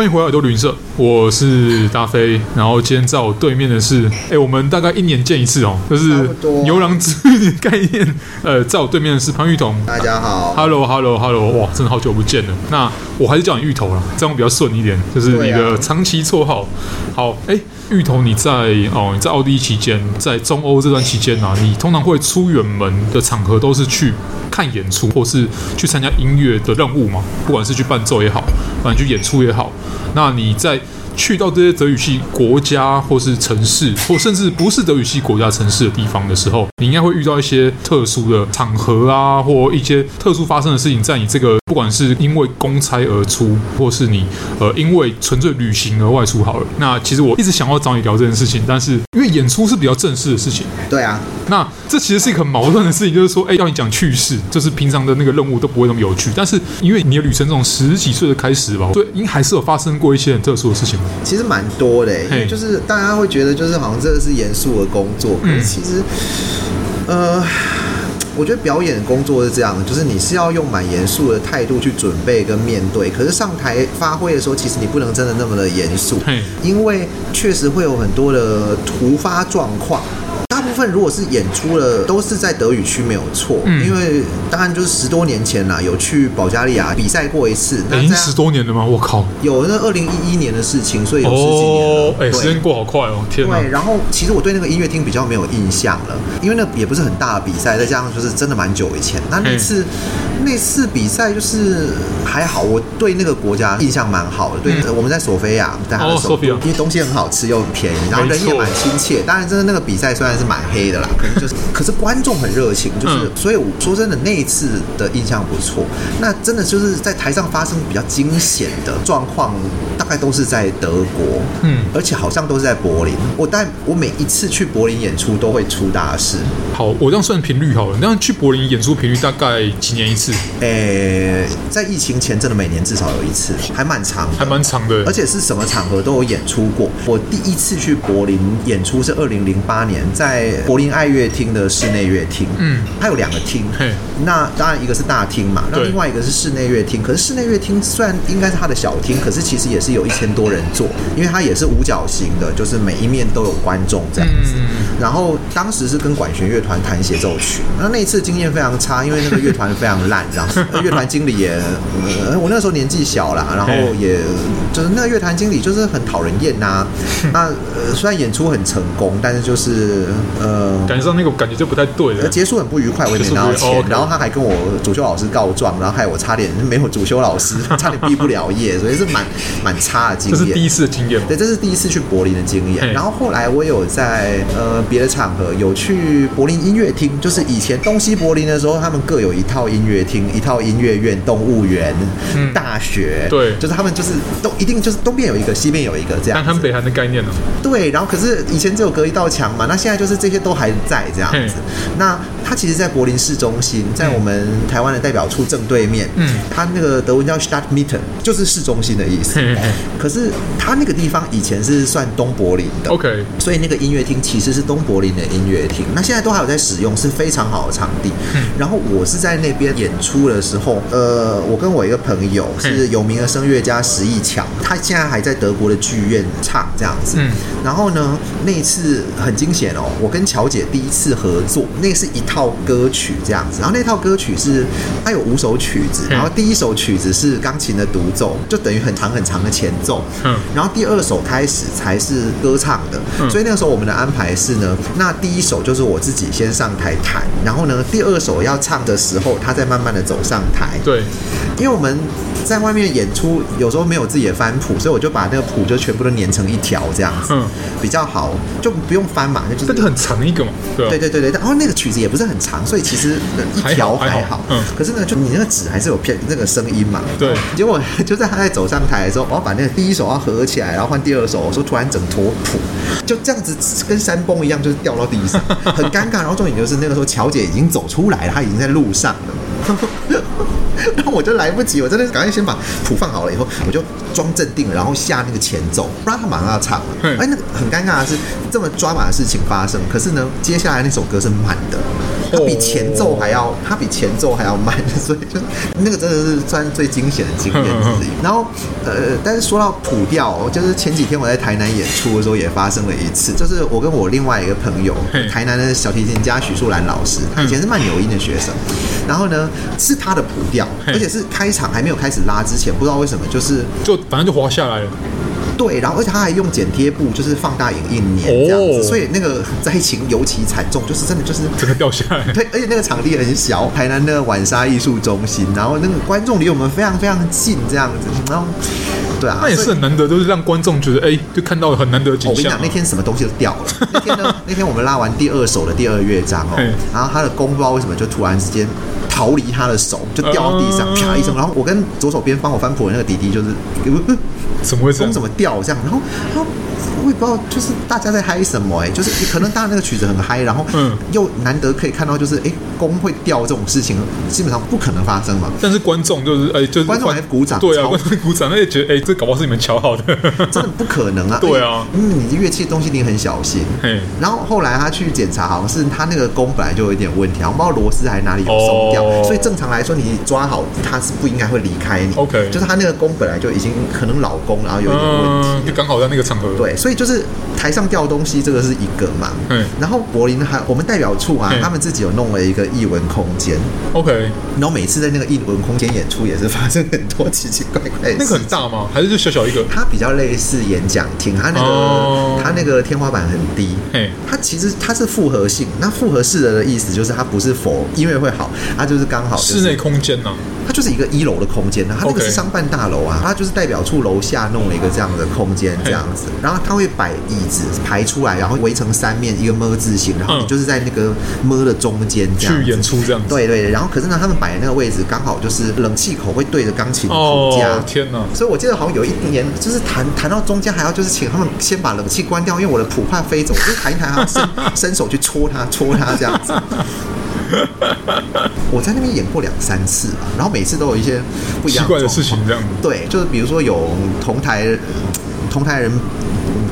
歡迎回來耳朵旅行社。我是大飛，然後今天在我對面的是，誒，我們大概一年見一次哦，就是牛郎織女概念，呃，在我對面的是潘昱同。大家好，Hello，Hello，Hello，hello, hello. 哇，真的好久不見了，那我還是叫你芋頭了，這樣比較順一點，就是你的長期綽號，啊、好，哎。芋頭，你在哦？在奧地利期間，在中歐這段期間呢、啊？你通常會出遠門的場合，都是去看演出，或是去參加音樂的任務嘛。不管是去伴奏也好，反正去演出也好。那你在？去到這些德語系國家或是城市，或甚至不是德語系國家城市的地方的時候，你應該會遇到一些特殊的場合啊，或一些特殊發生的事情。在你這個不管是因為公差而出，或是你呃因為純粹旅行而外出好了。那其實我一直想要找你聊這件事情，但是因為演出是比較正式的事情，對啊。那這其實是一個很矛盾的事情，就是說，哎，要你講趣事，就是平常的那個任務都不會那麼有趣。但是因為你的旅程從十幾歲的開始吧，對，應該還是有發生過一些很特殊的事情吧。其實蠻多的。欸，嘿就是大家會覺得就是好像這個是嚴肅的工作，可是、嗯、其實，呃，我覺得表演的工作是這樣，就是你是要用蠻嚴肅的態度去準備跟面對，可是上台發揮的時候，其實你不能真的那麼的嚴肅，嘿因為確實會有很多的突發狀況。大部分如果是演出了，都是在德語區沒有錯，嗯、因為當然就是十多年前啦，有去保加利亞比賽過一次，已經、欸、十多年了嗎？我靠，有那二零一一年的事情，所以有十幾年了，哎、哦，欸、對時間過好快哦，天哪！對，然後其實我對那個音樂廳比較沒有印象了，因為那也不是很大的比賽，再加上就是真的蠻久以前。那那次、嗯、那次比賽就是還好，我對那個國家印象蠻好的，對，嗯、我們在索菲亞，在它的首都。哦、因為東西很好吃又便宜，然後人也蠻親切。錯當然，真的那個比賽雖然是。蠻黑的啦，可能就是， 可是觀眾很熱情，就是，嗯、所以我說真的，那一次的印象不錯。那真的就是在台上發生比較驚險的狀況，大概都是在德國，嗯，而且好像都是在柏林。我但我每一次去柏林演出都會出大事。好，我這樣算頻率好了，那去柏林演出頻率大概幾年一次？哎、欸，在疫情前真的每年至少有一次，還蠻長，還蠻長的耶。而且是什麼場合都有演出過。我第一次去柏林演出是二零零八年在柏林愛樂廳的室內樂廳，嗯，它有兩個廳，那當然一個是大廳嘛，那另外一個是室內樂廳。可是室內樂廳雖然應該是它的小廳，可是其實也是有一千多人坐，因為它也是五角形的，就是每一面都有觀眾這樣子。然後當時是跟管弦樂團彈協奏曲，那那次經驗非常差，因為那個樂團非常爛，然後樂團經理也、呃，我那時候年紀小啦，然後也就是那個樂團經理就是很討人厭吶、啊。那、呃、雖然演出很成功，但是就是。呃，感覺到那個感覺就不太對了，結束很不愉快，我也沒拿到錢。然後， 哦、然後他還跟我主修老師告狀，然後害我差點沒有主修老師差點畢不了業， 所以是蠻蠻差的經驗。這是第一次的經驗嗎？對，這是第一次去柏林的經驗。嘿然後後來我也有在呃別的場合有去柏林音樂廳，就是以前東西柏林的時候，他們各有一套音樂廳、一套音樂院、動物園、嗯、大學，對，就是他們就是東一定就是東邊有一個，西邊有一個這樣。但他們北韓的概念呢？對，然後可是以前只有隔一道牆嘛，那現在就是。這些都還在這樣子。嗯、那他其實，在柏林市中心，在我們台灣的代表處正對面。嗯，他那個德文叫 Stadtmitte，就是市中心的意思。嗯、可是他那個地方以前是算東柏林的。OK，所以那個音樂廳其實是東柏林的音樂廳。那現在都還有在使用，是非常好的場地。嗯、然後我是在那邊演出的時候，呃，我跟我一個朋友是有名的聲樂家石毅強，他現在還在德國的劇院唱這樣子。嗯，然後呢，那一次很驚險哦。我跟喬姐第一次合作，那是一套歌曲這樣子，然後那套歌曲是它有五首曲子，然後第一首曲子是鋼琴的獨奏，就等於很長很長的前奏，嗯，然後第二首開始才是歌唱的，所以那個時候我們的安排是呢，那第一首就是我自己先上台彈，然後呢，第二首要唱的時候，他再慢慢的走上台，對，因為我們。在外面演出，有時候沒有自己的翻譜，所以我就把那個譜就全部都粘成一條這樣子，嗯，比較好，就不用翻嘛，就就是真的很長一個嘛，對、啊、對對對，然後、哦、那個曲子也不是很長，所以其實那一條還，還，還好，嗯，可是呢，就你那個紙還是有片，那個聲音嘛，對、嗯，結果就在他在走上台的時候，我要把那個第一首要合起來，然後換第二首，我說突然整坨譜就這樣子跟山崩一樣，就是掉到地上，很尷尬。然後重點就是那個時候喬姐已經走出來了，她已經在路上了。然後 我就來不及，我真的趕快先把譜放好了，以後我就裝鎮定，然後下那個前奏，不然他馬上要唱了，啊。哎嘿、欸，那個很尷尬的是，這麼抓馬的事情發生，可是呢，接下來那首歌是慢的。他比前奏還要，他比前奏還要慢，所以就那個真的是算最驚險的經驗之一。呵呵呵然後，呃，但是說到譜掉，就是前幾天我在台南演出的時候也發生了一次，就是我跟我另外一個朋友，嘿台南的小提琴家許淑蘭老師，他以前是曼紐因的學生，然後呢是他的譜掉，嘿而且是開場還沒有開始拉之前，不知道為什麼就是就反正就滑下來了。對，然後而且他還用剪貼布，就是放大影印黏，這樣子，oh. 所以那個災情尤其慘重，就是真的就是整個掉下來。對，而且那個場地很小，台南的晚沙藝術中心，然後那個觀眾離我們非常非常近這樣子，然後對啊，那也是很難得，以就是讓觀眾覺得哎，就看到很難得的景象。oh, 我跟你講，那天什麼東西都掉了。那天呢， 那天我們拉完第二首的第二樂章哦， 然後他的弓不知道為什麼就突然之間逃離他的手，就掉到地上，呃、啪一聲，然後我跟左手邊幫我翻譜的那個弟弟就是。嗯嗯怎麼會總怎麼掉這樣？然後，然後。我也不知道，就是大家在嗨什麼哎、欸，就是可能大家那個曲子很嗨，然後又難得可以看到就是哎弓、欸、會掉這種事情，基本上不可能發生嘛。但是觀眾就是哎、欸、就是、觀眾還鼓掌，對啊，超觀眾鼓掌，他就覺得哎、欸、這搞不好是你們瞧好的，真的不可能啊。對啊，嗯，你的樂器的東西你很小心。嘿然後後來他去檢查，好像是他那個弓本來就有一點問題，我不知道螺絲還是哪裡有鬆掉。哦、所以正常來說你抓好他是不應該會離開你。OK，就是他那個弓本來就已經可能老弓，然後有一點問題、嗯，就剛好在那個場合。對。所以就是台上掉東西，這個是一個嘛。嗯，然後柏林還我們代表處啊，他們自己有弄了一個藝文空間。OK，然後每次在那個藝文空間演出，也是發生很多奇奇怪怪。那個很大嗎？還是就小小一個？它比較類似演講廳，它那個它那個天花板很低。哎，它其實它是複合性，那複合式的的意思就是它不是 for 音樂會，好，它就是剛好室內空間呢。它就是一個一樓的空間，它那個是商辦大樓啊，Okay 它就是代表處樓下弄了一個這樣的空間，這樣子，嘿然後它會擺椅子排出來，然後圍成三面一個“麼”字形，然後你就是在那個“麼”的中間這樣、嗯、去演出這樣子。對，對對，然後可是呢，他們擺的那個位置剛好就是冷氣口會對着鋼琴譜架，哦，天哪！所以我記得好像有一年就是彈彈到中間還要就是請他們先把冷氣關掉，因為我的譜怕飛走，就彈一彈啊， 伸伸手去戳它，戳它這樣子。 我在那邊演過兩三次，然後每次都有一些不一樣奇怪的事情。這樣子。對，就是比如說有同台同台人。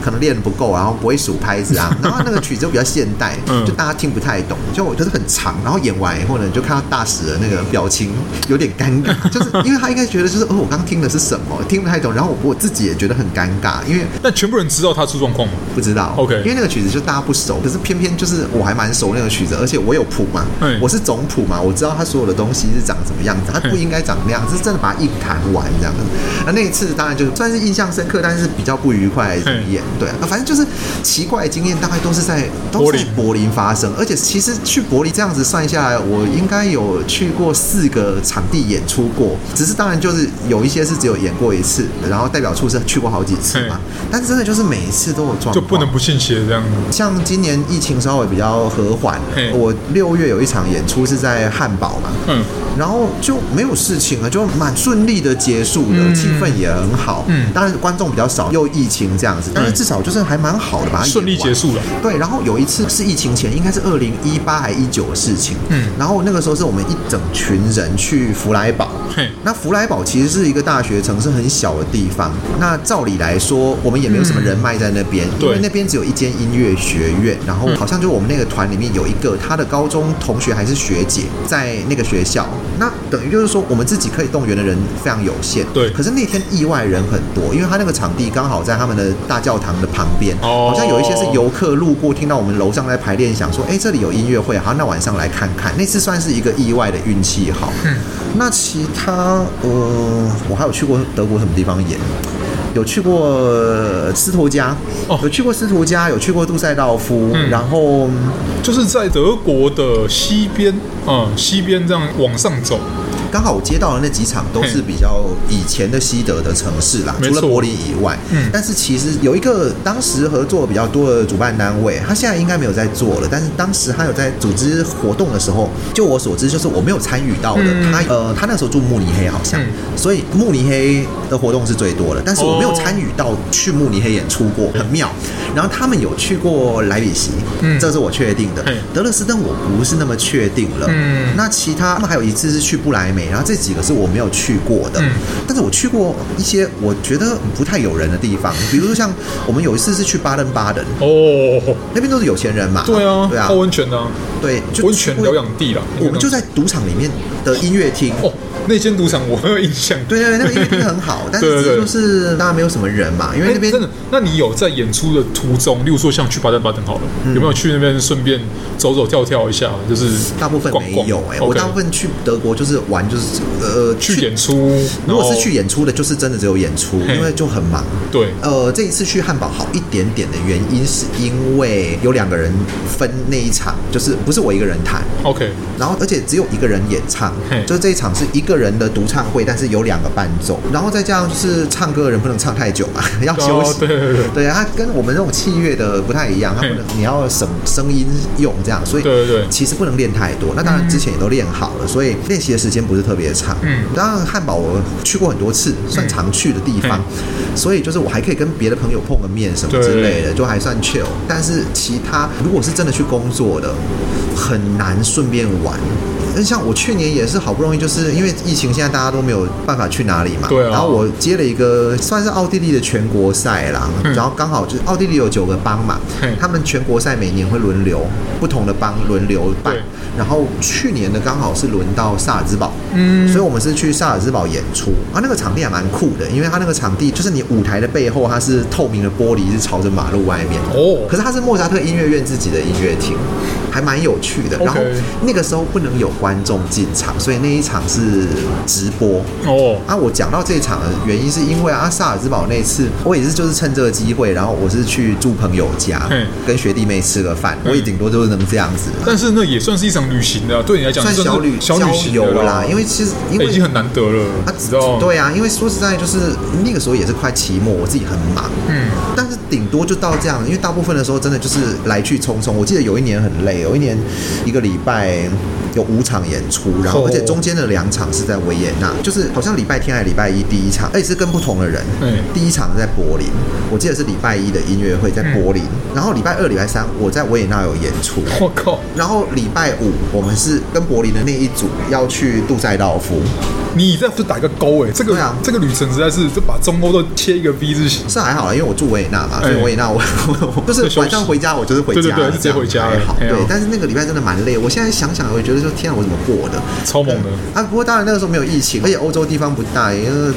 可能練不夠，然後不會數拍子啊，然後那個曲子就比較現代，就大家聽不太懂，就我覺得很長。然後演完以後呢，你就看到大使的那個表情有點尷尬，就是因為他應該覺得就是哦，我剛剛聽的是什麼，聽不太懂。然後我我自己也覺得很尷尬，因為但全部人知道他出狀況嗎？不知道。OK，因為那個曲子就大家不熟，可是偏偏就是我還蠻熟那個曲子，而且我有譜嘛，我是總譜嘛，我知道他所有的東西是長什麼樣子，他不應該長那樣，就是真的把它一彈完這樣子。那那一次當然就是算是印象深刻，但是比較不愉快演。對啊，反正就是奇怪的經驗，大概都是在都是在柏林發生，而且其實去柏林這樣子算下來，我應該有去過四個場地演出過，只是當然就是有一些是只有演過一次，然後代表處是去過好幾次嘛。嘿但是真的就是每一次都有狀況，就不能不信邪這樣子。像今年疫情稍微比較和緩，嘿我六月有一場演出是在漢堡嘛，嗯，然後就沒有事情了，就蠻順利的結束的，嗯，氣氛也很好，嗯，當然觀眾比較少，又疫情這樣子，嗯。嗯至少就是還蠻好的吧，順利結束了。對，然後有一次是疫情前，應該是二零一八還一九的事情。嗯，然後那個時候是我們一整群人去福萊堡。嘿，那福萊堡其實是一個大學城，是很小的地方。那照理來說，我們也沒有什麼人脈在那邊，嗯、因為那邊只有一間音樂學院。對然後好像就是我們那個團裡面有一個他的高中同學還是學姐在那個學校。那等於就是說，我們自己可以動員的人非常有限。對，可是那天意外人很多，因為他那個場地剛好在他們的大教堂。的旁邊，好像有一些是遊客路過，聽到我們樓上在排練，想說：“哎、欸，這裡有音樂會，好，那晚上來看看。”那次算是一個意外的運氣，好。嗯，那其他，呃，我還有去過德國什麼地方演？有去過斯圖加，哦，有去過斯圖加，有去過杜塞道夫，嗯、然後就是在德國的西邊，嗯，西邊這樣往上走。剛好我接到的那幾場都是比較以前的西德的城市啦，沒錯，除了柏林以外，嗯，但是其實有一個當時合作比較多的主辦單位，他現在應該沒有在做了，但是當時他有在組織活動的時候，就我所知，就是我沒有參與到的。嗯、他呃，他那時候住慕尼黑，好像，嗯、所以慕尼黑的活動是最多的，但是我沒有參與到去慕尼黑演出過，嗯、很妙。然後他們有去過萊比錫，嗯，這是我確定的。嗯、德勒斯登我不是那麼確定了，嗯，那其他他們還有一次是去布萊梅。然後這幾個是我沒有去過的，嗯、但是我去過一些我覺得不太有人的地方，比如說像我們有一次是去巴登巴登哦，那邊都是有錢人嘛，對啊，泡溫泉啊，對，就溫泉療養地了，我們就在賭場裡面的音樂廳、哦哦那間賭場我很有印象，對對，那個真的很好，但是就是大家沒有什麼人嘛，因為那邊真的。那你有在演出的途中，例如說像去巴登巴登好了，有沒有去那邊順便走走跳跳一下？就是大部分沒有哎，我大部分去德國就是玩，就是呃去演出。如果是去演出的，就是真的只有演出，因為就很忙。對，呃，這一次去漢堡好一點點的原因，是因為有兩個人分那一場，就是不是我一個人彈，OK，然後而且只有一個人演唱，就是這一場是一個。一個人的獨唱會，但是有兩個伴奏，然後再加上就是唱歌的人不能唱太久嘛，要休息。哦、對，對，對，對啊，跟我們這種器樂的不太一樣，它不能，你要省聲音用這樣，所以對對其實不能練太多。那當然之前也都練好了，嗯、所以練習的時間不是特別長。嗯，當然漢堡我去過很多次，算常去的地方，嗯、所以就是我還可以跟別的朋友碰個面什麼之類的，對就還算 chill。但是其他如果是真的去工作的，很難順便玩。那像我去年也是好不容易，就是因為。疫情現在大家都沒有辦法去哪裡嘛，然後我接了一個算是奧地利的全國賽啦，然後剛好就是奧地利有九個邦嘛，他們全國賽每年會輪流不同的邦輪流辦，然後去年的剛好是輪到薩爾茲堡，所以我們是去薩爾茲堡演出。啊，那個場地還蠻酷的，因為它那個場地就是你舞台的背後它是透明的玻璃，是朝着馬路外面。哦，可是它是莫扎特音樂院自己的音樂廳。還蠻有趣的，然後那個時候不能有觀眾進場，所以那一場是直播哦。Oh. 啊，我講到這一場的原因是因為阿、啊、薩爾茲堡那次，我也是就是趁這個機會，然後我是去住朋友家，Hey. 跟學弟妹吃個飯，Hey. 我也頂多就是能這樣子。Hey. 但是那也算是一場旅行的、啊，對你來講算是算是小旅小旅遊啦，因為其實因為、欸、已經很難得了。啊，知道對啊，因為說實在就是那個時候也是快期末，我自己很忙，嗯，但是頂多就到這樣，因為大部分的時候真的就是來去匆匆。我記得有一年很累了。有一年，一個禮拜。有五場演出，然後而且中間的兩場是在維也納，就是好像禮拜天還是禮拜一第一場，而且是跟不同的人。嗯。第一場在柏林，我記得是禮拜一的音樂會，在柏林。然後禮拜二、禮拜三我在維也納有演出。我靠！然後禮拜五我們是跟柏林的那一組要去杜塞道夫。你這樣就打一個勾哎，這個這個旅程實在是就把中歐都切一個 V 字形。是還好啦，因為我住維也納嘛，所以維也納我我就是晚上回家，我就是回家，對對對，直接回家也好。對，但是那個禮拜真的蠻累。我現在想想，我覺得。就天、啊，我怎麼過的，超猛的啊！不過當然那個時候沒有疫情，而且歐洲地方不大，欸，因為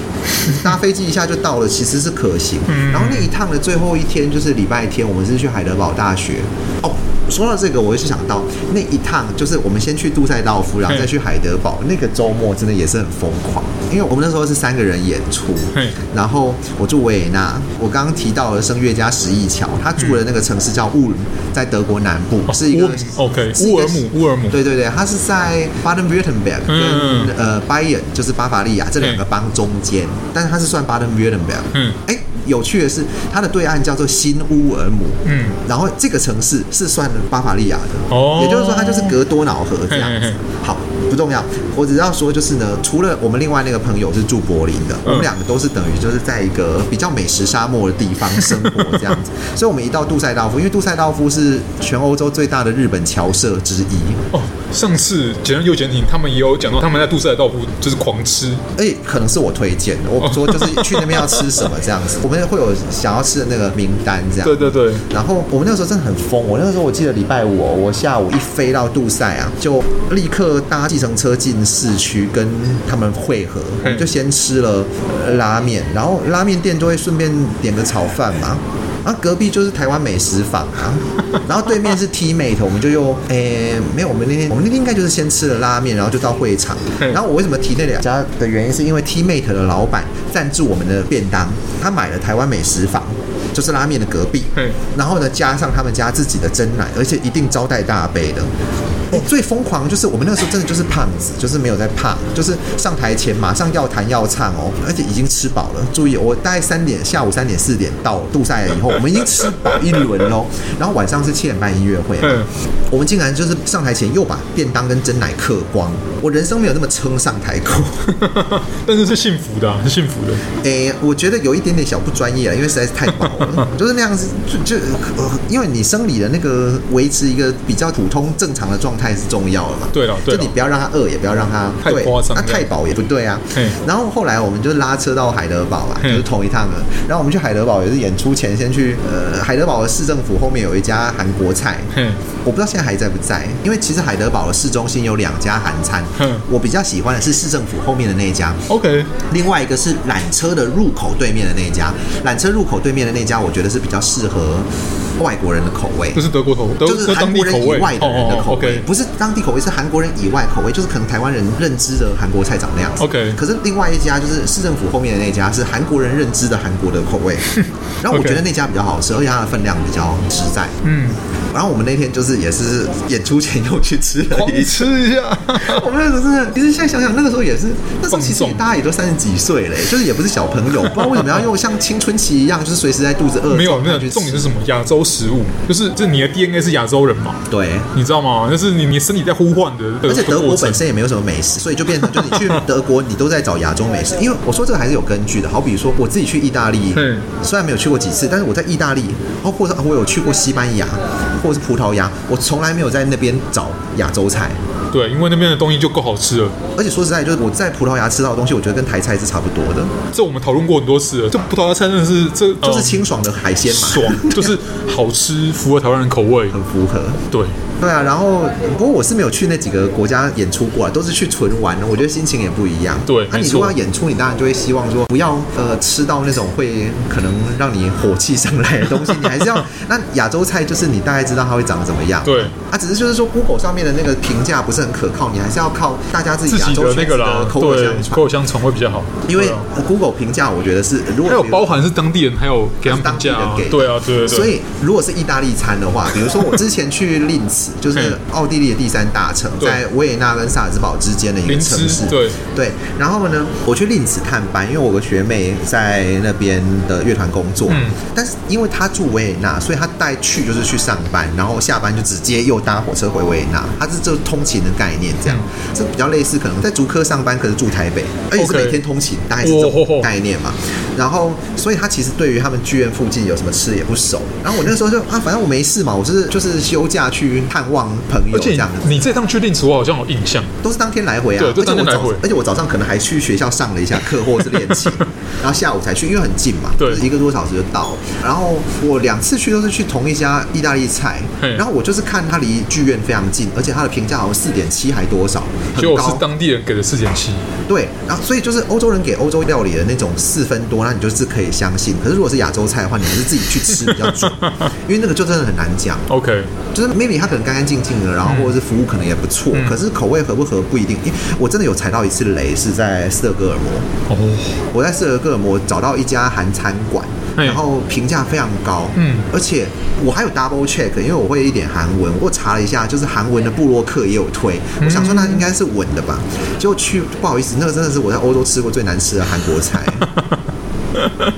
搭飛機一下就到了， 其實是可行。然後那一趟的最後一天就是禮拜天，我們是去海德堡大學哦。說到這個，我也是想到那一趟，就是我們先去杜塞道夫，然後再去海德堡，嘿那個周末真的也是很瘋狂，因為我們那時候是三個人演出，嘿然後我住維也納，我剛剛提到了聲樂家石一橋，他住的那個城市叫烏魯，在德國南部，哦、是一個烏，OK，烏爾姆，烏爾姆，對對對，他是在巴登維特恩貝格跟、嗯、呃拜恩，ion, 就是巴伐利亞這兩個邦中間，嘿但是他是算巴登維特恩貝格，berg, 嗯，哎。有趣的是，它的對岸叫做新烏爾姆，嗯，然後這個城市是算巴伐利亞的，哦，也就是說它就是隔多瑙河這樣子。嘿嘿。好，不重要，我只要說就是呢，除了我們另外那個朋友是住柏林的，我們兩個都是等於就是在一個比較美食沙漠的地方生活這樣子，嗯、所以我們一到杜塞道夫，因為杜塞道夫是全歐洲最大的日本僑社之一。哦上次《簡愛又簡影》，他們也有講到他們在杜塞爾道夫就是狂吃，哎、欸，可能是我推薦的。我說就是去那邊要吃什麼這樣子， 我們會有想要吃的那個名單這樣。對對對。然後我們那時候真的很瘋，我那個時候我記得禮拜五、哦、我下午一飛到杜塞啊，就立刻搭計程車進市區跟他們會合，欸、我們就先吃了、呃、拉麵，然後拉麵店都會順便點個炒飯嘛。欸啊，隔壁就是台灣美食坊啊，然後對面是 Teammate，我們就又誒、欸、沒有，我們那天我們那天應該就是先吃了拉麵，然後就到會場。然後我為什麼提那兩家的原因，是因為 Teammate 的老闆贊助我們的便當，他買了台灣美食坊，就是拉面的隔壁。嗯，然後呢，加上他們家自己的珍奶，而且一定招待大杯的。哦、最瘋狂就是我們那時候真的就是胖子，就是沒有在怕、um,，就是上台前馬上要彈要唱哦，而且已經吃飽了。注意，我大概三點、下午三點,點、四點到杜塞爾以後，我們已經吃飽一輪嘍。然後晚上是七點半音樂會，欸、我們竟然就是上台前又把便當跟珍奶嗑光。我人生沒有那麼撐上台過，但是是幸福的、啊，是幸福的。哎，欸，我覺得有一點點小不專業，因為實在是太飽、嗯，就是那樣子，就就，呃、因為你生理的那個維持一個比較普通正常的狀。太是重要了嘛？對了對，就你不要讓他餓，也不要讓他太誇張，對，那太飽也不對啊。嘿 然後後來我們就拉車到海德堡啊，嘿 就是同一趟了。然後我們去海德堡也是演出前先去呃海德堡的市政府後面有一家韓國菜，嘿 我不知道現在還在不在，因為其實海德堡的市中心有兩家韓餐，我比較喜歡的是市政府後面的那一家。OK，< 嘿 S 2> 另外一個是纜車的入口對面的那家，纜車入口對面的那家我覺得是比較適合外國人的口味，不是德國口味，就是韓國人以外的人的口味，不是當地口味，是韓國人以外口味，就是可能台灣人認知的韓國菜長那樣子。OK，可是另外一家就是市政府後面的那家是韓國人認知的韓國的口味，然後我覺得那家比較好吃，而且它的分量比較實在。嗯，然後我們那天就是也是演出前又去吃了一次，吃一下，我們是真的，其實現在想想那個時候也是，那時候其實大家也都三十幾歲了，就是也不是小朋友，不知道為什麼要用像青春期一樣，就是隨時在肚子餓。沒有，沒有，重點是什麼亞食物就是，就是，你的 DNA 是亞洲人嘛？對，你知道嗎？就是你，你身體在呼喚的。而且德國，德國本身也沒有什麼美食，所以就變成，就你去德國，你都在找亞洲美食。 因為我說這個還是有根據的。好比如說，我自己去意大利，嘿雖然沒有去過幾次，但是我在意大利，或者，啊、我有去過西班牙，或者是葡萄牙，我從來沒有在那邊找亞洲菜。對，因為那邊的東西就夠好吃了，而且說實在，就是我在葡萄牙吃到的東西，我覺得跟台菜是差不多的。這我們討論過很多次了，這葡萄牙菜真的是這就是清爽的海鮮嘛，爽，就是好吃， 符合台灣人口味，很符合，對。對啊，然後不過我是沒有去那幾個國家演出過，都是去純玩的。我覺得心情也不一樣。對，那你如果要演出，你當然就會希望說不要呃吃到那種會可能讓你火氣上來的東西，你還是要。那亞洲菜就是你大概知道它會長得怎麼樣。對啊，只是就是說 Google 上面的那個評價不是很可靠，你還是要靠大家自己。自己的那個啦，對，口口相傳會比較好。因為 Google 評價，我覺得是如果它有包含是當地人，還有給他們當地人給。對啊，對。所以如果是意大利餐的話，比如說我之前去令 i 就是奧地利的第三大城，在維也納跟薩爾茨堡之間的一個城市。對，然後呢，我去林茨探班，因為我個學妹在那邊的樂團工作。嗯、但是因為她住維也納，所以她帶去就是去上班，然後下班就直接又搭火車回維也納。她是就通勤的概念，這樣、嗯、這比較類似，可能在竹科上班，可是住台北，而且是每天通勤，大概是這種概念嘛。哦哦哦然後，所以他其實對於他們劇院附近有什麼吃也不熟。然後我那時候就啊，反正我沒事嘛，我就是就是休假去探望朋友這樣子。你這趟確定出，我好像有印象，都是當天來回啊，對啊，就當天來回。而且我早，而且我早上可能還去學校上了一下課或者是練琴。 然後下午才去，因為很近嘛，對，就是一個多小時就到了，然後我兩次去都是去同一家意大利菜，嘿然後我就是看它離劇院非常近，而且它的評價好像四點七還多少，很高。是當地人給了四點七，對。然後所以就是歐洲人給歐洲料理的那種四分多，那你就是可以相信。可是如果是亞洲菜的話，你還是自己去吃比較準， 因為那個就真的很難講。OK。就是 maybe 它可能乾乾淨淨的，然後、嗯、或者是服務可能也不錯，嗯、可是口味合不，合不合不一定。因為我真的有踩到一次雷，是在斯德哥爾摩。哦，我在斯德哥爾摩找到一家韓餐館，嗯、然後評價非常高。嗯，而且我還有 double check，因為我會一點韓文，我，我查了一下，就是韓文的部落客也有推。我想說那應該是穩的吧，結果、嗯、去不好意思，那個真的是我在歐洲吃過最難吃的韓國菜。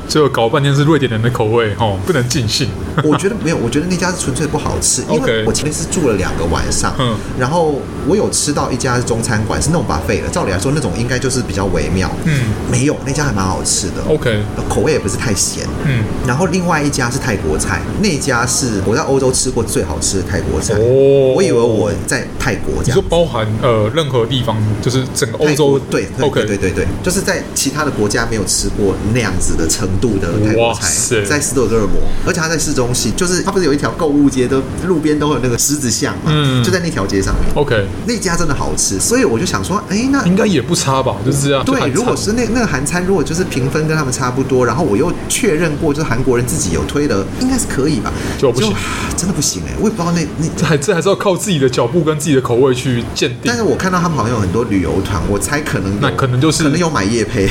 最後 搞半天是瑞典人的口味哦，不能盡興。 我覺得沒有，我覺得那家是純粹不好吃，因為我前面是住了兩個晚上，嗯，Okay. 然後我有吃到一家是中餐館，是弄 buffet 的。照理來說，那種應該就是比較微妙，嗯，沒有那家還蠻好吃的，OK，口味也不是太鹹，嗯。然後另外一家是泰國菜，那家是我在歐洲吃過最好吃的泰國菜。哦，oh. 我以為我在泰國家就包含呃任何地方，就是整個歐洲對對 Okay. 對，對對對，就是在其他的國家沒有吃過那樣子。的程度的泰國菜，塞在斯德哥爾摩，而且它在市中心，就是它不是有一條購物街，都路邊都有那個獅子巷嘛，嗯，就在那條街上面。OK，那家真的好吃，所以我就想說，哎、欸，那應該也不差吧，就是這樣。對，如果是那那個韓餐，如果就是評分跟他們差不多，然後我又確認過，就是韓國人自己有推的，應該是可以吧？就不行。真的不行哎、欸，我也不知道那，那這還，這還是要靠自己的腳步跟自己的口味去鑑定。但是我看到他們好像有很多旅遊團，我猜可能那可能就是可能有買業配，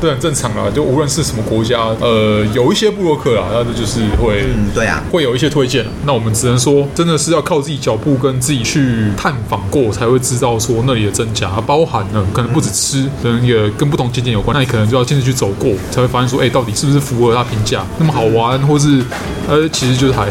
這很、 啊、正常啊。就無論是什麼國家，呃，有一些部落客啦，那就是會，嗯，對啊，會有一些推薦。那我們只能說，真的是要靠自己腳步跟自己去探訪過，才會知道說那裡的真假、啊。包含了可能不止吃，可能也跟不同景點有關。那你可能就要親自去走過，才會發現說，哎，到底是不是符合他評價那麼好玩，或是呃，其實就是還。